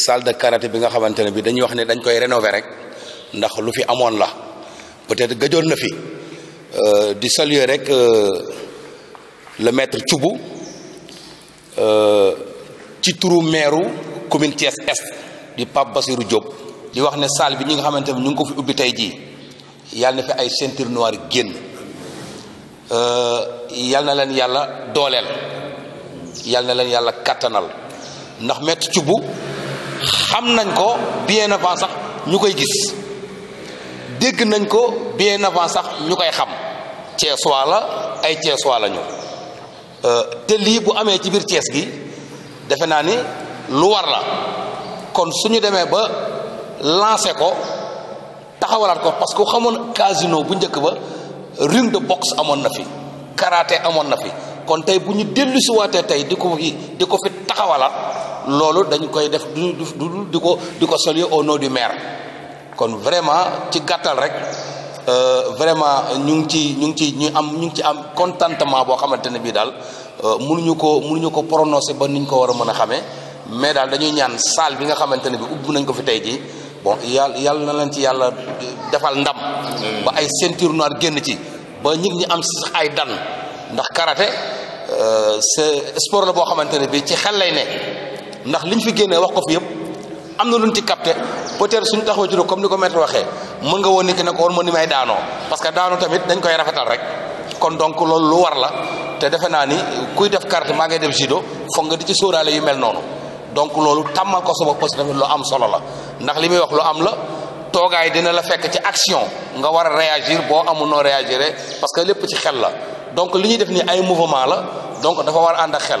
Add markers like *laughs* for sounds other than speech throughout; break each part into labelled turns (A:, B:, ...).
A: salle de karaté bi nga xamante ne bi dañuy wax ne dañ koy rénover rek ndax lu fi amoon la peut-être gajoon na fi euh, di saluer rek euh, le maître Thioubou euh, ci turu meeru commune Thiès Est di Pape Basirou Diop di wax ne salle bi ñi nga xamante ne ñu ngi ko fi ubbi tey jii yàlla na fi ay ceinture noir génn yàlla na leen yàlla dooleel yàlla na leen yàlla kattanal ndax maître Thioubou xam nañ ko bien avant sax ñu koy gis dégg nañ ko bien avant sax ñu koy xam Ceesuwaa la ay Ceesuwaa la ñu euh, te lii bu amee ci biir Cees gi defe naa ni lu war la kon suñu demee ba lancé ko taxawalaat ko parce que xamoon casino bu njëkk ba ring de boxe amoon na fi karaté amoon na fi kon tey bu ñu dellusiwaatee tey di ko fi di ko fi taxawalaat lolu dañ koy def du du du diko di ko saluer au nom du maire kon vraiment ci gàttal rek euh, vraiment ñu ngi ci ñu ngi ci ñu am ñu ngi ci am contentement bo xamantene ne dal euh mënuñu ko mënuñu ko prononcer ba niñ ko wara mëna xamé mais dal dañuy ñaan salle bi nga xamantene ne bi ubb nañ ko fi tay ji bon yal yal na leen ci yalla defal ndam ba ay ceinture noire genn ci ba ñi ñi am sax ay dan ndax karaté euh, c'est sport la bo xamantene ne bi ci xel lay ne ndax liñ fi génnee wax ko fi yëpp am na luñ ci capté peut-être suñ taxaw ci comme ni ko maître waxee mën nga woon ni que ne ko war ma ni may daanoo parce que daanoo tamit dañ koy rafetal rek kon donc loolu lu war la te defe naa ni kuy def carte maa ngay def judo foog nga di ci sóoraale yu mel noonu donc loolu tàmmal ko sa bopp aussi tamit lu am solo la ndax li muy wax lu am la toogaay dina la fekk ci action nga war a réagir boo amu noo réagir parce que lépp ci xel la donc li ñuy def nii ay mouvement la donc dafa war a ànd ak xel.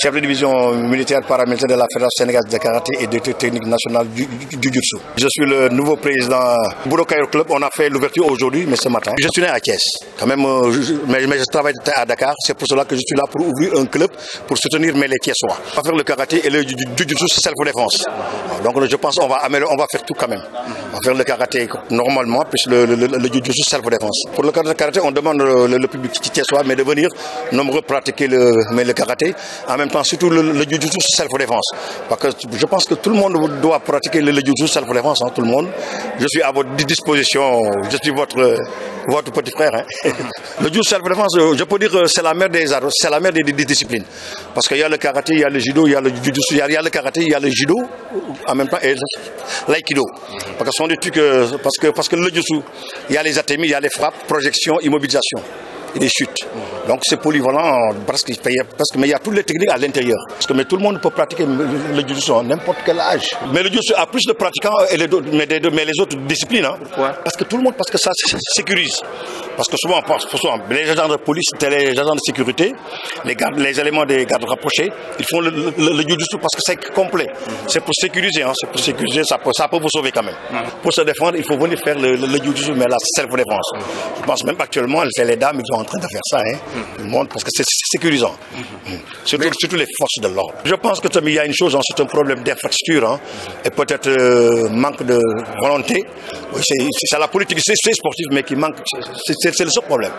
B: chef de division militaire paramilitaire de la Fédération sénégalaise de karaté et de technique nationales du, judo. Je suis le nouveau président Budokayo Club. On a fait l'ouverture aujourd'hui, mais ce matin. Je suis né à Thiès. Quand même, euh, mais, je travaille à Dakar. C'est pour cela que je suis là pour ouvrir un club pour soutenir mes les Thiessois. On va faire le karaté et le judo c'est self défense. Donc je pense qu'on va, on va faire tout quand même. On va faire le karaté normalement, puis le, le, le jutsu, c'est pour défense. Pour le karaté, on demande euh, le, le public thiessois, mais de venir nombreux pratiquer le, mais le karaté. En même surtout le, jiu self-défense. Parce que je pense que tout le monde doit pratiquer le, le jiu self-défense, hein, tout le monde. Je suis à votre disposition, je suis votre, votre petit frère. Hein. *laughs* le jiu self-défense, euh, je peux dire que c'est la mère des c'est la mère des, disciplines. Parce qu'il y a le karaté, il y a le judo, il y a le jiu il y, a le karaté, il y a le judo, en même temps, et l'aïkido. Parce que sont des trucs, euh, parce que, parce que le jiu il y a les atémis, il y a les frappes, projection, immobilisation et des chutes. Donc c'est polyvalent parce qu'il que, mais il y a toutes les techniques à l'intérieur. Parce que mais tout le monde peut pratiquer le judo à n'importe quel âge. Mais le judo, a plus de pratiquants et les, mais, les autres disciplines. Hein. Pourquoi Parce que tout le monde, parce que ça sécurise. Parce que souvent, on pense, les agents de police, les agents de sécurité, les, les éléments des gardes rapprochés, ils font le, le, parce que c'est complet. C'est pour sécuriser, hein, c'est pour sécuriser, ça peut, ça peut vous sauver quand même. Mm-hmm. Pour se défendre, il faut venir faire le, Jujutsu, mais mais la self-défense. Mm-hmm. Je pense même actuellement, les, dames, ils sont en train de faire ça. Hein. Mm-hmm. parce que c'est sécurisant, mhm. surtout, les forces de l'ordre. Je pense que il y a une chose, hein, c'est un problème d'infrastructure hein, et peut-être euh, manque de volonté. C'est la politique, c'est sportif, mais qui manque, c'est le seul problème.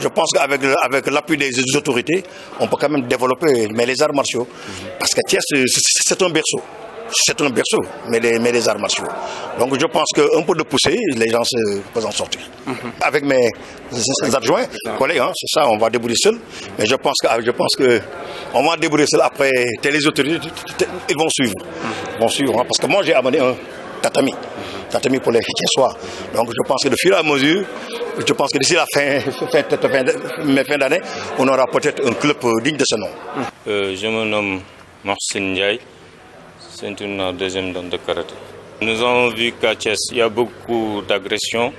B: Je pense qu'avec avec l'appui des autorités, on peut quand même développer mais les arts martiaux, mhm. parce que c'est un berceau c'est un berceau, mais des armes les Donc je pense qu'un peu de poussée, les gens se peuvent en sortir. Mhm. Avec mes, adjoints, collègues, hein, c'est ça, on va débrouiller seul. Mais je pense qu'on que ah, va débrouiller seul après les autorités, ils vont suivre. Mhm. Ils vont suivre hein, parce que moi j'ai amené un tatami. Tatami pour les soirs. Donc je pense que de fur et à mesure, je pense que d'ici la fin, fin, d'année, on aura peut-être un club digne de ce nom.
C: Euh, je me nomme Marcin Ndiaye. C'est une deuxième donne de karaté. Nous avons vu qu'à Thiès, il y a beaucoup d'agressions.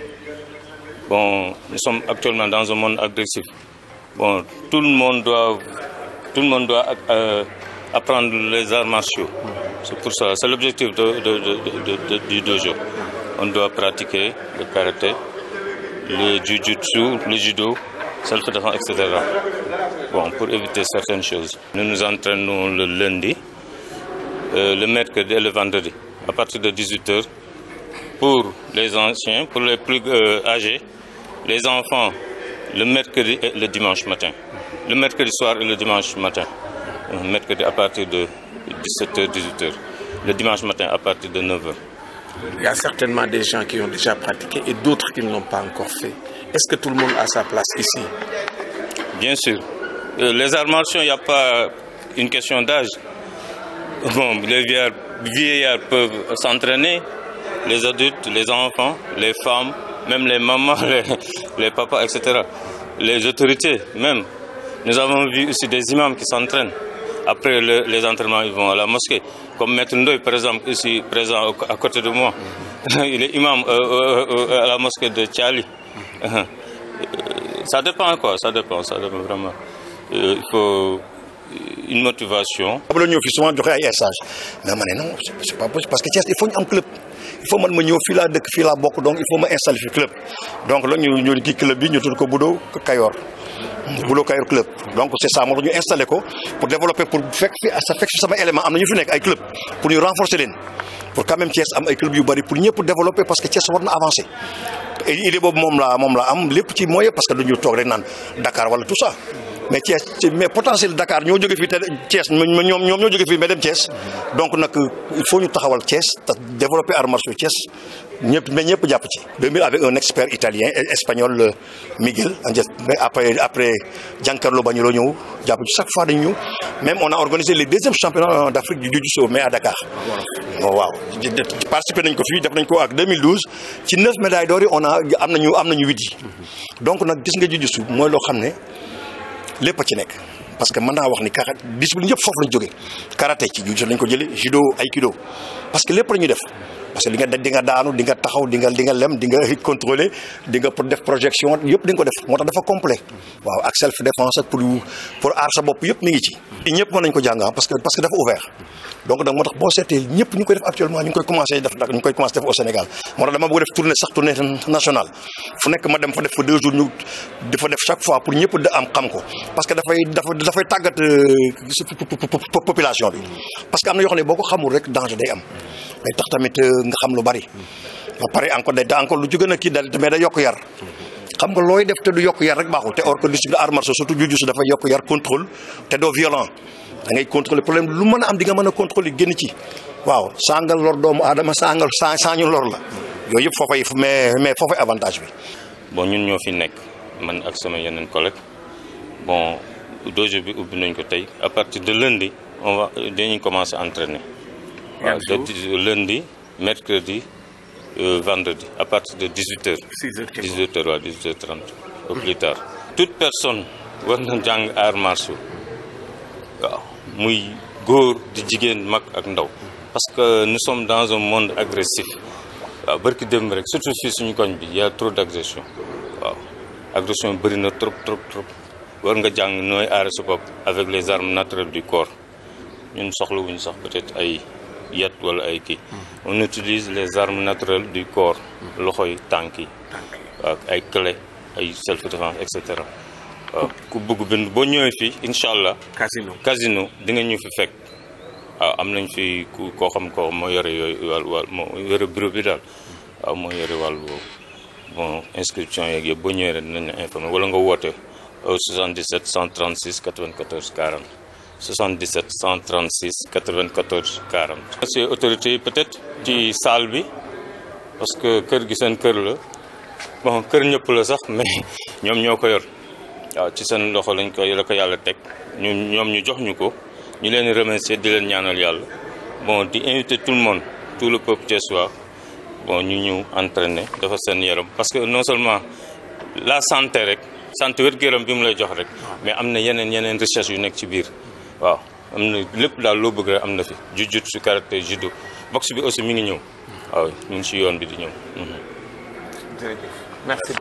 C: Bon, nous sommes actuellement dans un monde agressif. Bon, tout le monde doit, tout le monde doit euh, apprendre les arts martiaux. C'est pour ça, c'est l'objectif du dojo. On doit pratiquer le karaté, le jujutsu, le judo, self-défense, etc. Bon, pour éviter certaines choses. Nous nous entraînons le lundi. Euh, le mercredi et le vendredi, à partir de 18h, pour les anciens, pour les plus euh, âgés, les enfants, le mercredi et le dimanche matin. Le mercredi soir et le dimanche matin. Le euh, mercredi à partir de 17h, 18h. Le dimanche matin à partir de 9h.
A: Il y a certainement des gens qui ont déjà pratiqué et d'autres qui ne l'ont pas encore fait. Est-ce que tout le monde a sa
C: place ici Bien sûr. Les arts il n'y a pas une question d'âge les vieillards, peuvent s'entraîner, les adultes, les enfants, les femmes, même les mamans, *laughs* les, papas, etc. Les autorités, même. Nous avons vu aussi des imams qui s'entraînent. Après les entraînements, ils vont à la mosquée. Comme Maître Ndoye, par exemple, ici présent à côté de moi. *laughs* Il est imam euh, euh, euh, à la mosquée de Tchali. *laughs* Ça dépend quoi, ça dépend, ça dépend vraiment. Il faut une motivation.
B: am la fi souvent joxe ay échange mais ma non c'est pas possible parce que Thiès il faut un club il faut man ma ñëw fii laa dëkk donc il faut me installer un club donc la ñu que le club bi ñu tudd ko Budo Kayor. Budo Kayor club donc c'est ça nous avons ñu installer pour développer pour faire fi sa fekk sama élément Nous avons ñu fi club pour ñu renforcer pour quand même Thiès am ay club yu bari pour ñëpp développer parce que Thiès war na avancer. Il est bon, laa moom laa am lépp ci moyen parce que duñu toog rek naan Dakar wala tout ça mais Thiès mais potentiel Dakar nous avons fait te Thiès ñoom mais dem Thiès donc il faut ñu taxawal Thiès te développer arts martiaux Thiès ñëpp mais nous jàpp ci. 2000 avec un expert italien et espagnol euh, Miguel après après Giancarlo Bagnolo nous avons ci chaque fois dañu même on a organisé les deuxième championnats d'Afrique du jiu-jitsu mais à Dakar. Oh, waaw participé nañ ko fii def nañ ko ak 2012 ci 9 médailles d'or on a am nañu am nañu 8 mhm. donc nag gis nga jiu-jitsu moi je xam ne. lépp a ci nekk parce que mën naa wax ni kara discipline yëpp foofu lañ jógee karaté ci jiu lañ ko jëlee judo aikido parce que lépp la ñuy def parce que di nga di nga daanu di nga taxaw di nga di nga lem di nga contrôler def projection yëpp di ko def moo tax dafa complet waaw ak self défense pour pour sa bopp yëpp mi ngi ci ñëpp mën nañ ko jàng ah, parce que parce que dafa ouvert donc nag moo tax boo seetee ñëpp ñu ngi koy def actuellement ñu ngi ñëpp da am xam ko parce que dafay dafa dafay tàggat euh, population bi parce que am na yoo ne boo ko xamul rek danger day am day nah, tax tamit eh, nga xam lu bari ba pare encore day encore lu ci gëna ki dal demé da yok yar xam nga loy def té du yok yar rek baxul té or que discipline art martial surtout juju jitsu dafa yok yar contrôle té do violent da ngay contrôler problème lu mëna am di nga mëna contrôler gën ci waaw sangal lor doomu adama sangal sañu lor la yooyu yëpp foofay mais mais fofay avantage bi
C: bon ñun ñofi nek man ak sama yenen collègue bon dojo bi ubbi nañ ko tay à partir de lundi on va dañuy commencer entraîner Ah, euh, lundi mercredi euh, vendredi à partir de 18h. 18h 18h 18h30 au plus tard. toute personne war a jàng armes. martiaux waaw muy góor di jigéen mag ak parce que nous sommes dans un monde agressif waaw surtout y a trop d'agressions. agression waaw trop trop trop war nga jàng avec les armes naturelles du corps ñun soxlawuñu sax peut-être ay yat wala ay kii on utilise les armes naturelles du corps loxoy tanki ak ay clé ay self défense et cetera ku bëgg bind boo ñëwee fii inshallah casino casino di nga ñu fi fekk am nañ fi ku koo xam ko moo yore yooyu wàll wàll moo yore bureau bi daal waaw moo yore wàll boobu bon inscription yeeg yëpp boo ñëwee rek nañ la informé wala nga woote au 77 136 94 40 77 136 94 40. monsieur autorité peut-être ci salle bi parce que kër gi seen kër la bon kër ñëpp la sax mais *laughs* ñom ñoko yor waaw ci seen loxo lañ ko yalla ko yàlla teg ñu ñoom ñu jox ñuko ñu leen remercier di leen ñaanal yalla bon di inviter tout le monde tout le peuple soir bon ñu ñëw entraîner dafa seen yaram parce que non seulement la santé rek santé wér gu bi mu lay jox rek mais am na yeneen yeneen recherche yu nekk ci biir waaw am na lépp daal loo bëgg rek am na fi jujutsu karaté judo boxe bi aussi mi ngi ñëw waaw si yoon bi di ñëw mhm. jërëjëf merci